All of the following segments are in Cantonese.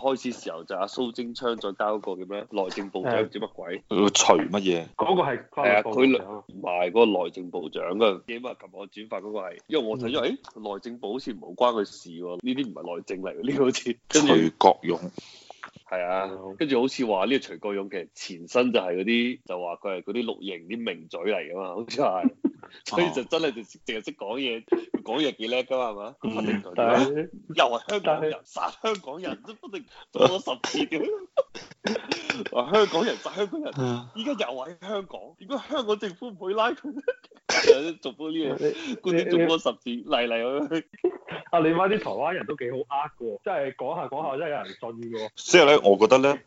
開始時候就阿蘇貞昌再交嗰個叫咩內政部長唔知乜鬼，佢徐乜嘢嗰個係係啊佢埋嗰個內政部長㗎，點啊？琴日我轉發嗰個係，因為我睇咗，為誒、嗯欸、內政部好似唔好關佢事喎，呢啲唔係內政嚟，嘅，呢個好似跟徐國勇係啊，的嗯、跟住好似話呢個徐國勇其實前身就係嗰啲就話佢係嗰啲綠營啲名嘴嚟㗎嘛，好似係。 所以就真係淨淨係識講嘢，講嘢幾叻㗎嘛係嘛？不嗯、又話香港人殺香港人，都不停講咗十次嘅。話香港人殺香港人，依家、 啊、又話喺香港，點解香港政府唔會拉佢？有啲 做嗰啲，嗰啲做嗰十字嚟嚟去去。阿你媽啲台灣人都幾好呃嘅喎，即係講下講下，真係有人信喎。即係咧，我覺得咧，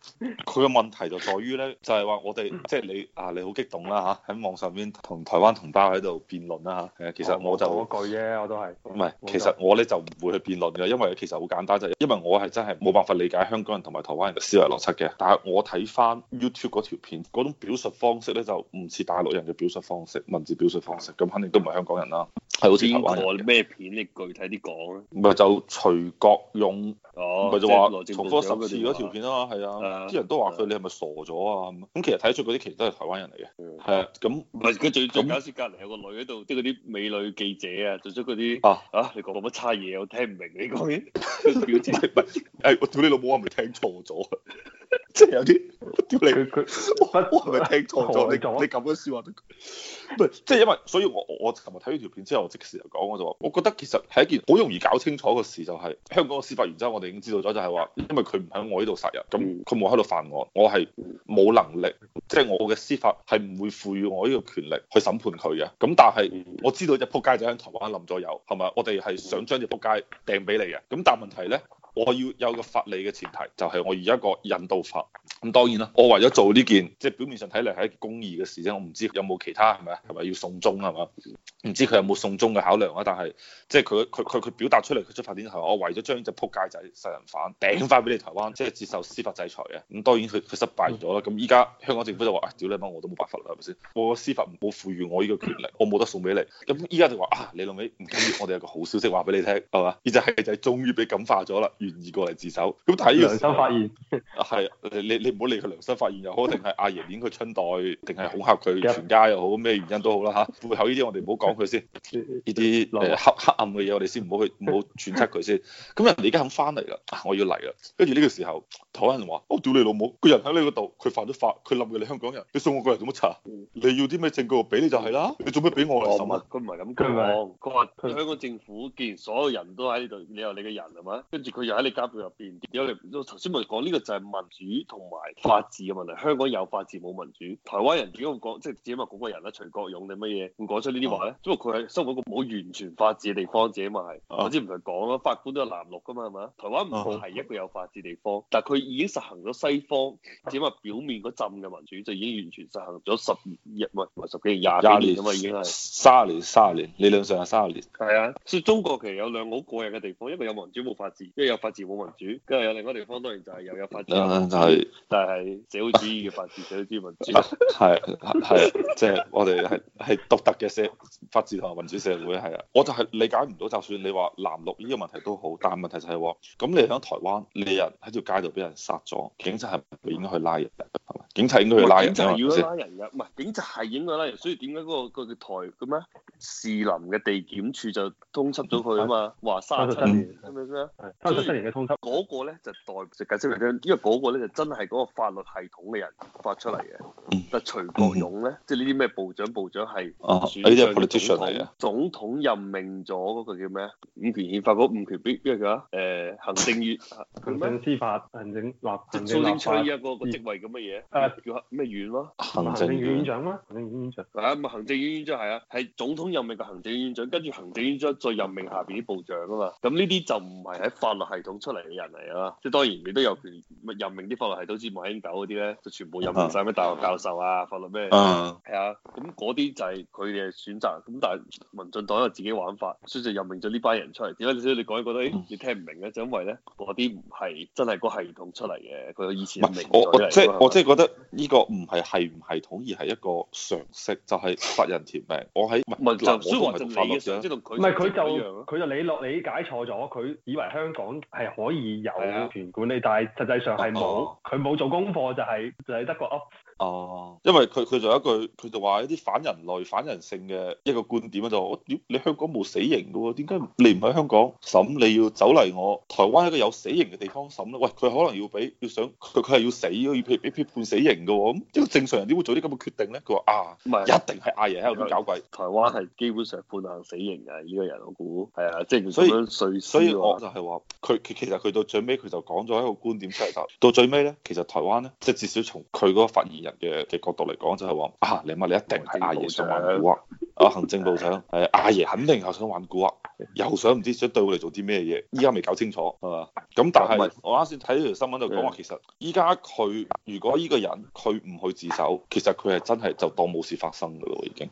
佢嘅 問題就在於咧， 就係話我哋即係你啊，你好激動啦嚇，喺網上邊同台灣同胞喺度辯論啦嚇。誒，其實我就嗰、啊、句啫，我都係。唔係，其實我咧就唔會去辯論嘅，因為其實好簡單，就係因為我係真係冇辦法理解香港人同埋台灣人嘅思維邏輯嘅。但係我睇翻 YouTube 嗰條片，嗰種表述方式咧就唔似大陸人嘅表述方式，文字表述方式。咁肯定都唔係香港人啦，係好似拍咩片？你具體啲講咧？咪就徐國勇哦，咪就話重複十次嗰條片啦，係啊，啲人都話佢你係咪傻咗啊？咁其實睇出嗰啲其實都係台灣人嚟嘅，係啊，咁唔係，佢最仲有一次隔籬有個女喺度，即係啲美女記者啊，做咗嗰啲啊啊，你講講乜差嘢？我聽唔明你講嘢，表姐唔我屌你老母話係咪聽錯咗。 即係有啲，屌你佢，我係咪聽錯咗了？你講你咁樣笑啊？得？唔係，即係因為，所以我我琴日睇完條片之後，我即時就講，我就話，我覺得其實係一件好容易搞清楚嘅事，就是，就係香港嘅司法原則，我哋已經知道咗，就係話，因為佢唔喺我呢度殺人，咁佢冇喺度犯案，我係冇能力，即、就、係、是、我嘅司法係唔會賦予我呢個權力去審判佢嘅。咁但係我知道隻撲街仔喺台灣冧咗有，係咪？我哋係想將隻撲街掟俾你嘅。咁但係問題咧？我要有個法理嘅前提，就係、是、我而家個引渡法咁，當然啦。我為咗做呢件，即係表面上睇嚟係公義嘅事啫。我唔知有冇其他係咪啊？係咪要送中係嘛？唔知佢有冇送中嘅考量啊？但係即係佢佢佢佢表達出嚟，佢出發點係我為咗將呢隻仆街仔殺人犯頂返俾你台灣，即係接受司法制裁啊。咁當然佢佢失敗咗啦。咁依家香港政府就話：，啊，屌你媽，我都冇辦法啦，係咪先？我嘅司法冇賦予我呢個權力，我冇得送俾你。咁依家就話：，啊，你諗起唔緊要，我哋有個好消息話俾你聽，係嘛？呢就係就係終於被感化咗啦。願意過嚟自首，咁但係呢個良心發現，係 你你你唔好理佢良心發現又好，定係阿爺拎佢春袋定係恐嚇佢全家又好，咩原因都好啦嚇、啊。背後呢啲我哋唔好講佢先，呢啲黑黑暗嘅嘢我哋先唔好去唔好揣測佢先。咁人哋而家肯翻嚟啦，我要嚟啦。跟住呢個時候，台灣人話：，我、oh, 屌 you know 你老母，個人喺你嗰度，佢犯咗法，佢冧嘅你香港人，你送我過嚟做乜查？你要啲咩證據我俾你就係啦，嗯、你做咩俾我嚟，佢唔係咁講，佢話香港政府既然所有人都喺呢度，你又你嘅人係嘛？跟住佢喺你監票入邊，你，我頭先咪講呢個就係民主同埋法治嘅問題。香港有法治冇民主，台灣人點解會講，即係只起碼嗰個人啦，徐國勇定乜嘢會講出呢啲話咧？啊、因為佢喺生活一個冇完全法治嘅地方，只起碼係，啊、我知唔係講啦。法官都有藍綠噶嘛，係咪啊？台灣唔係一個有法治地方，但係佢已經實行咗西方只起碼表面嗰陣嘅民主，就已經完全實行咗十日，唔係唔係十幾年廿年啊嘛，已經係三十年三十年，三年，理論上係三十年。係啊，所以中國其實有兩個好過癮嘅地方，一個有民主冇法治，一個有。法治冇民主，跟住有另外地方當然就係又有，有法治，就係就係社會主義嘅法治，社會主義民主，係係即係我哋係係獨特嘅社法治同民主社會係啊，我就係理解唔到，就算你話藍綠呢個問題都好，但係問題就係、是、喎，咁你喺台灣，你人喺條街度俾人殺咗，警察係唔應該去拉人？警察應該要拉人先，警察要拉人噶，唔係警察係應該拉人，所以點解嗰個個台嘅咩士林嘅地檢處就通緝咗佢啊嘛？話三七年，係咪先？係三十七年嘅通緝，嗰個咧就代唔識解釋嚟嘅，因為嗰個咧就真係嗰個法律系統嘅人發出嚟嘅。但係徐國勇咧，即係呢啲咩部長、部長係，啊，呢啲係 politician 嚟嘅。總統任命咗嗰個叫咩？五權憲法嗰五權邊邊一個？誒，行政院、行政司法、行政立法、行政一個個職位咁嘅嘢。叫咩院咯、啊？行政院長啦，行政院長，係啊，行政院，院長係啊，係總統任命個行政院長，跟住行政院長再任命下邊啲部長啊嘛。咁呢啲就唔係喺法律系統出嚟嘅人嚟啊，即、就、係、是、當然你都有權任命啲法律系統，知似馬英九啲咧，就全部任命晒咩大學教授啊，法律咩，係、嗯、啊，咁嗰啲就係佢哋嘅選擇。咁但係民進黨又自己玩法，所以就任命咗呢班人出嚟。點解你講起得，你聽唔明咧？就是、因為咧，嗰啲唔係真係個系統出嚟嘅，佢以前唔明出即係我即係我覺得。呢個唔係係唔系統，而係一個常識，就係、是、殺人填命」 我。是我喺唔係就我講係法律唔係佢就佢就李樂理解錯咗，佢以為香港係可以有權管理，是啊、但係實際上係冇，佢冇、啊、做功課，就係、是、就係得個 u 哦，啊、因為佢佢就有一句，佢就話一啲反人類、反人性嘅一個觀點啊、就是，就我你香港冇死刑嘅喎，點解你唔喺香港審？你要走嚟我台灣一個有死刑嘅地方審咧？喂，佢可能要俾要想佢佢係要死要判判判死。型嘅咁一個正常人點會做啲咁嘅決定咧？佢話啊，唔係是一定係阿爺喺度搞鬼。台灣係基本上判行死刑嘅呢、這個人我，我估係啊，即、就、係、是、所以所以，所以我就係話，佢其實佢到最尾佢就講咗一個觀點出嚟、就是、到最尾咧，其實台灣咧，即係至少從佢嗰個發言人嘅嘅角度嚟講，就係、是、話啊，你話你一定係阿爺上環股啊。啊，行政部長係阿爺，爺爺肯定又想玩蠱惑啊，又想唔知想對我哋做啲咩嘢，依家未搞清楚係嘛？咁但係我啱先睇條新聞就講話，uh, 其實依家佢如果呢個人佢唔去自首，其實佢係真係就當冇事發生噶咯，已經。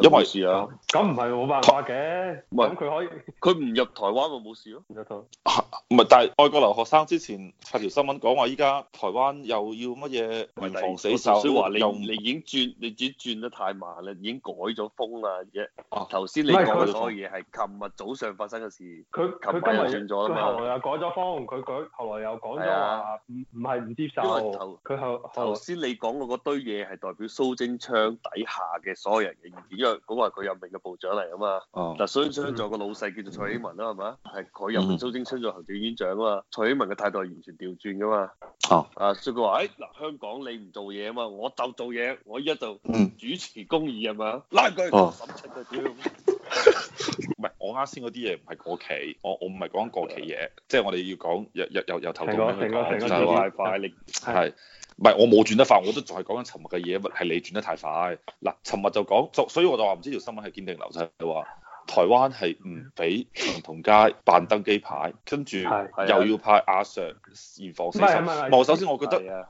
因為事啊，咁唔係冇辦法嘅。唔係，咁佢可以，佢唔入台灣咪冇事咯。唔入到。唔係，但係外國留學生之前發條新聞講話，依家台灣又要乜嘢嚴防死守。我純粹話你你已經轉，你只轉得太慢啦，已經改咗風啦。而家頭先你講嘅所有嘢係琴日早上發生嘅事。佢佢今日轉咗啊，後來又改咗風，佢改後來又講咗話唔唔係唔接受。因為頭佢後頭先你講嘅嗰堆嘢係代表蘇貞昌底下嘅所有人嘅意見。講話佢任命嘅部長嚟啊嘛，嗱蘇貞昌仲有個老細叫做蔡英文啦，係嘛，係佢任命蘇貞昌做行政院長啊嘛，蔡英文嘅態度係完全調轉噶嘛，哦、oh. 啊，阿蘇哥話，誒嗱香港你唔做嘢啊嘛，我就做嘢，我依家就主持公義啊嘛、mm.，拉佢十七個鐘。Oh. 唔係，我啱先嗰啲嘢唔係過期，我我唔係講緊過期嘢，即係我哋要講又又又又頭先咁樣講係話，係唔係我冇轉得快，我都仲係講緊尋日嘅嘢，係你轉得太快嗱，尋日就講，所以我就話唔知條新聞係堅定流，就係話台灣係唔俾陳同佳辦登機牌，跟住又要派阿 Sir 嚴防死守。首先我覺得呢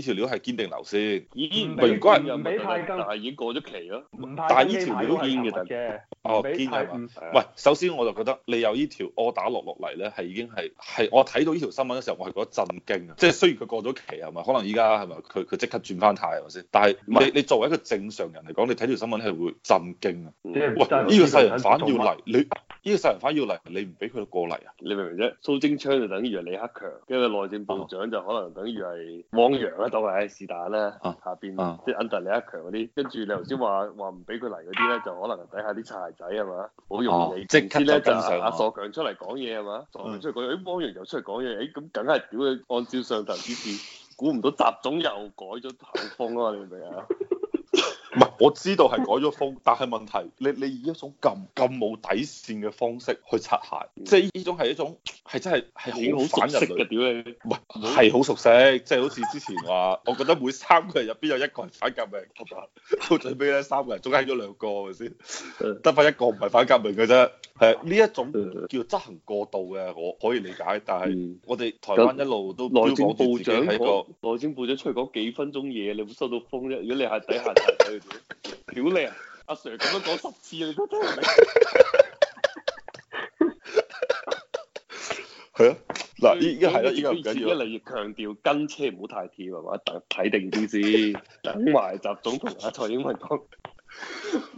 條料係堅定流先，已經如果人哋但係已經過咗期咯，但係呢條料堅嘅。哦，堅係嘛？唔係，係咪係咪首先我就覺得你有呢條柯打落落嚟咧，係已經係係我睇到呢條新聞嘅時候，我係覺得震驚啊！即係雖然佢過咗期係咪？可能依家係咪佢佢即刻轉翻態係咪先？但係你唔係你作為一個正常人嚟講，你睇條新聞係會震驚啊！嗯、即喂，依個殺人犯要嚟、嗯、你，依、呢個殺人犯要嚟你，唔俾佢過嚟啊！你明唔明啫？蘇貞昌就等於係李克強，跟住內政部長就可能等於係汪洋啊，都係是但啦。啊啊、下邊即係、就是、under 李克強嗰啲，跟住你頭先話話唔俾佢嚟嗰啲咧，就可能底下啲柴仔係嘛，好容易即刻咧，正常阿傻強出嚟講嘢係嘛，傻強出嚟講嘢，誒，汪洋又出嚟講嘢，誒、哎。咁梗係屌佢，按照上頭指示，估唔到習總又改咗口風啊，你明唔明啊？ 我知道係改咗風，但係問題你你以一種咁咁冇底線嘅方式去擦鞋，即係呢種係一種係真係係好好反人類嘅屌不你，唔係係好熟悉，即、就、係、是、好似之前話， 我覺得每三個人入邊有一個係反革命。好啦，最尾咧，三個人中間嗰兩個係咪先？得返 一個唔係反革命嘅啫。係呢一種叫執行過度嘅，我可以理解，但係我哋台灣一路都一個、嗯、內政部長內政部長出嚟講幾分鐘嘢，你會收到風啫。如果你係底下 屌你啊，阿 Sir 咁樣講十次，你都聽唔明係啊嗱，依家係啦，依家唔緊要，一嚟要強調跟車唔好太貼，係嘛，睇定啲先，等埋習總同阿蔡英文講。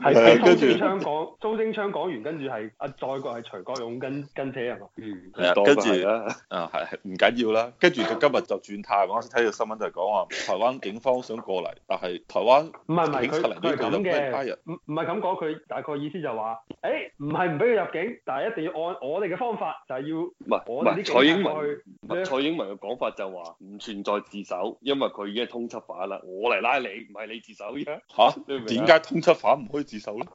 係蘇貞昌講，蘇貞 昌講完跟住係阿再國，係徐國勇跟跟車啊嘛。嗯，係 跟住啦，啊係係唔緊要啦，跟住佢今日就轉態， 我先睇到新聞就係講話台灣警方想過嚟，但係台灣唔係唔係佢，警察，嚟都叫做咩唔唔係咁講，佢大概意思就話。誒，唔係唔俾佢入境，但係一定要按我哋嘅方法，就係要唔係我唔係蔡英文，蔡英文嘅講法就話唔存在自首，因為佢已經係通緝犯啦，我嚟拉你，唔係你自首啫吓，點解通緝犯唔可以自首咧？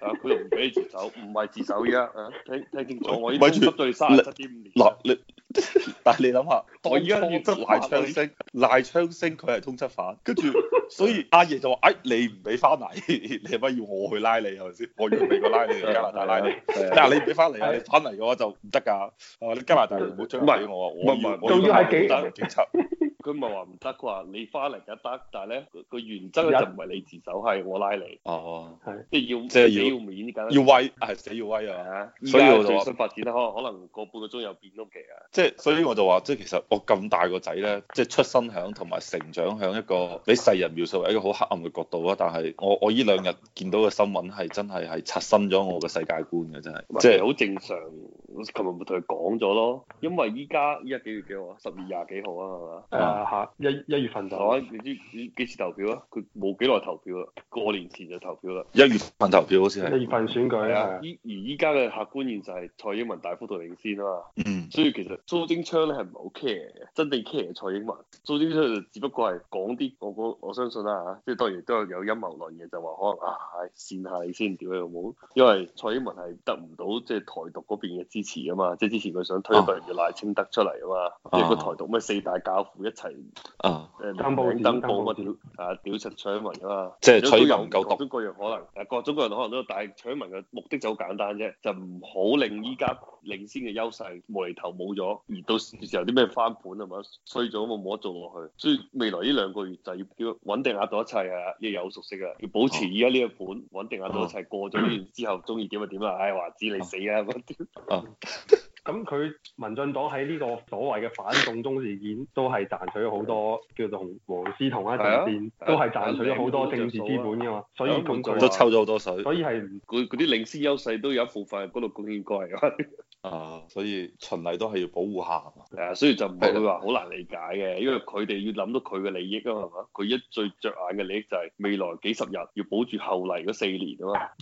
啊，佢又唔俾你自首，唔係自首啫，聽聽清楚我已經通緝咗你卅七點五年嗱你。 但係你諗下，代槍要賴昌星，賴昌星佢係通緝犯，跟住所以阿爺就話：「哎，你唔俾翻嚟，你係咪要我去拉你係咪先？我要俾我拉你嚟加拿大拉你，但係你唔俾翻嚟，你翻嚟嘅話就唔得㗎。我話你加拿大唔好出嚟俾我。唔是我仲要係是要幾警察。 佢咪係話唔得，佢話，你翻嚟就得，但係咧個原則就唔係你自首係我拉你哦、啊，即係的要即係要面要威係死要威啊！所以我新發展得可可能個半個鐘又變碌旗啊！即係所以我就話，即係其實我咁大個仔咧，即係出生響同埋成長響一個俾世人描述為一個好黑暗嘅角度咯。但係我我依兩日見到嘅新聞係真係係刷新咗我嘅世界觀嘅，真係即係好正常。我琴日咪同佢講咗咯，因為依家依家幾月幾號啊？十二廿幾號啊，係嘛？誒嚇，一一月份就、啊，你知幾時投票啊？佢冇幾耐投票啊，過年前就投票啦。一月份投票好似係。一月份選舉啊，依的而依家嘅客觀現就係蔡英文大幅度領先啊嘛。嗯。 所以其實蘇貞昌咧係唔係好 care 嘅，真正 care 蔡英文。蘇貞昌就只不過係講啲我我相信啦、啊、嚇，即係當然都係有陰謀論嘅，就話可能啊，蝕下你先點樣好冇，因為蔡英文係得唔到即係台獨嗰邊嘅支持。遲啊嘛，即係之前佢想推一個人叫賴清德出嚟啊嘛，即係個台獨咩四大教父一齊啊、嗯、啊，誒登報登報咁啊屌啊表出取締啊嘛，即係取締又唔夠獨，各種各樣可能，誒各種各樣可能都有，但係取締嘅目的就好簡單啫，就唔好令依家。領先嘅優勢無厘頭冇咗，而到時候啲咩翻盤啊嘛，衰咗啊嘛，冇得做落去，所以未來呢兩個月就要叫穩定壓到一切啊，呢有熟悉啊，要保持而家呢一款穩、啊、定壓到一切，啊、過咗完之後中意點就點啊，唉話知你死啊！咁佢、啊、 民進黨喺呢個所謂嘅反送中事件都係賺取咗好多叫做同黃絲同一陣線啊，都係賺取咗好多政治資本噶嘛，啊、所以都抽咗好多水，啊、所以係佢啲領先優勢都有一部分嗰度貢獻過嚟.。 啊，uh, 所以循例都係要保護下，係啊、嗯，所以就唔會話好難理解嘅，的因為佢哋要諗到佢嘅利益啊嘛，佢一最着眼嘅利益就係未來幾十日要保住後嚟嗰四年啊嘛。